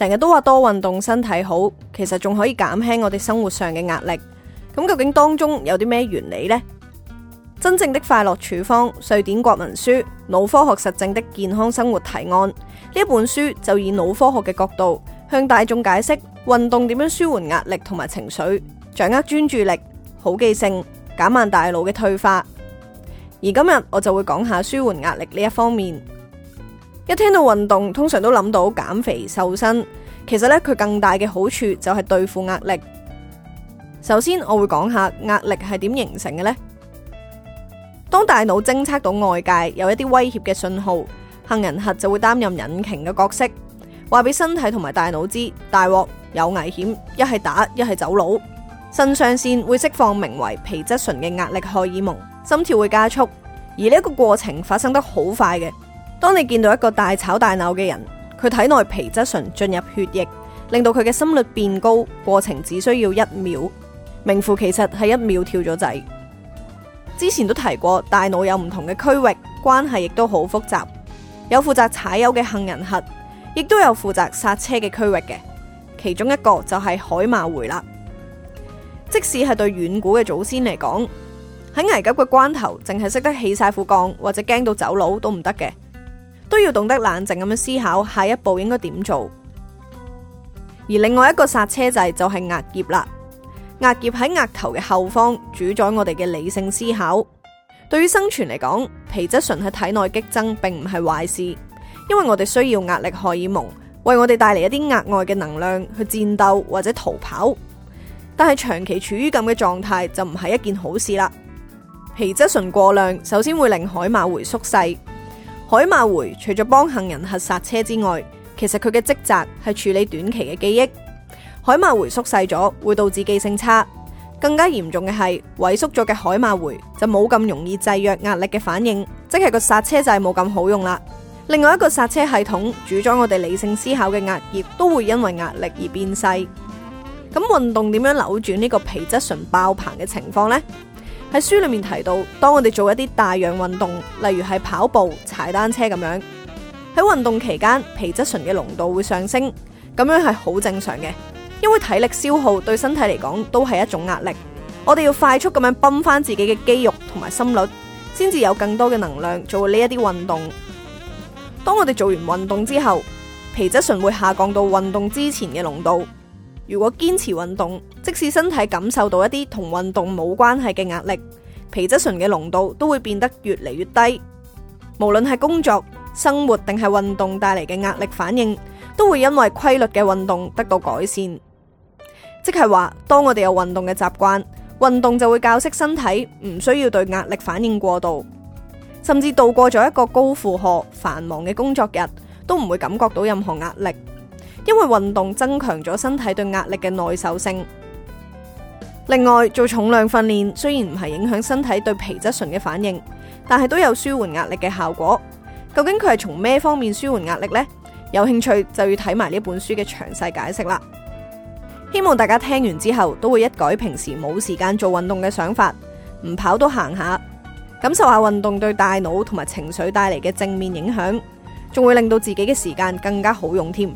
成日都話多運動身體好，其實仲可以減輕我哋生活上嘅壓力。咁究竟當中有啲咩原理呢？真正的快樂處方，瑞典國民書，腦科學實證的健康生活提案呢本書就以腦科學嘅角度向大眾解釋運動點樣舒緩壓力同埋情緒，掌握專注力、好記性、減慢大腦嘅退化。而今日我就會講下舒緩壓力呢一方面。一聽到運動，通常都諗到減肥瘦身。其實咧，佢更大嘅好處就係對付壓力。首先，我會講下壓力係點形成嘅呢？當大腦偵測到外界有一啲威脅嘅信號，杏仁核就會擔任引擎嘅角色，話俾身體同埋大腦知：大鑊，有危險，一係打，一係走佬。腎上腺會釋放名為皮質醇嘅壓力荷爾蒙，心跳會加速，而呢個過程發生得好快嘅。當你見到一個大吵大鬧嘅人，佢體內皮質醇進入血液，令到佢嘅心率變高，過程只需要一秒，名副其實係一秒跳咗掣。之前都提過，大腦有唔同嘅區域，關係亦都好複雜，有負責踩油嘅杏仁核，亦都有負責剎車嘅區域嘅，其中一個就係海馬回啦。即使係對遠古嘅祖先嚟講，喺危急嘅關頭，淨係識得起曬副槓或者驚到走佬都唔得嘅。都要懂得冷靜，咁樣思考下一步應該點做，而另外一個剎車掣就係額葉啦。額葉喺額頭嘅後方，主宰我哋嘅理性思考。對於生存嚟講，皮質醇喺體內激增並唔係壞事，因為我哋需要壓力荷爾蒙為我哋帶嚟一啲額外嘅能量去戰鬥或者逃跑。但係長期處於咁嘅狀態就唔係一件好事啦。皮質醇過量，首先會令海馬回縮細。海馬回除咗幫杏仁核剎車之外，其實佢嘅職責係處理短期嘅記憶。海馬回縮細咗會導致記性差，更加嚴重嘅係萎縮咗嘅海馬回就冇咁容易制約壓力嘅反應，即係個剎車就係冇咁好用啦。另外一個剎車系統主宰我哋理性思考嘅額葉，都會因為壓力而變細。咁運動點樣扭轉呢個皮質醇爆棚嘅情況呢？喺書裏面提到，當我哋做一啲大量運動，例如係跑步、踩單車咁樣，喺運動期間皮質醇嘅濃度會上升，咁樣係好正常嘅，因為體力消耗對身體嚟講都係一種壓力。我哋要快速咁樣泵翻自己嘅肌肉同埋心率，先至有更多嘅能量做呢一啲運動。當我哋做完運動之後，皮質醇會下降到運動之前嘅濃度。如果堅持運動，即使身體感受到一啲同運動冇關係嘅壓力，皮質醇嘅濃度都會變得越嚟越低。無論係工作、生活定係運動帶嚟嘅壓力反應，都會因為規律嘅運動得到改善。即係話，當我哋有運動嘅習慣，運動就會教識身體唔需要對壓力反應過度，甚至度過咗一個高負荷、繁忙嘅工作日，都唔會感覺到任何壓力。因為運動增強咗身體對壓力嘅耐受性。另外，做重量訓練雖然唔係影響身體對皮質醇嘅反應，但係都有舒緩壓力嘅效果。究竟佢係從咩方面舒緩壓力呢？有興趣就要睇埋呢本書嘅詳細解釋啦。希望大家聽完之後都會一改平時冇時間做運動嘅想法，唔跑都行下，感受下運動對大腦同埋情緒帶嚟嘅正面影響，仲會令到自己嘅時間更加好用添。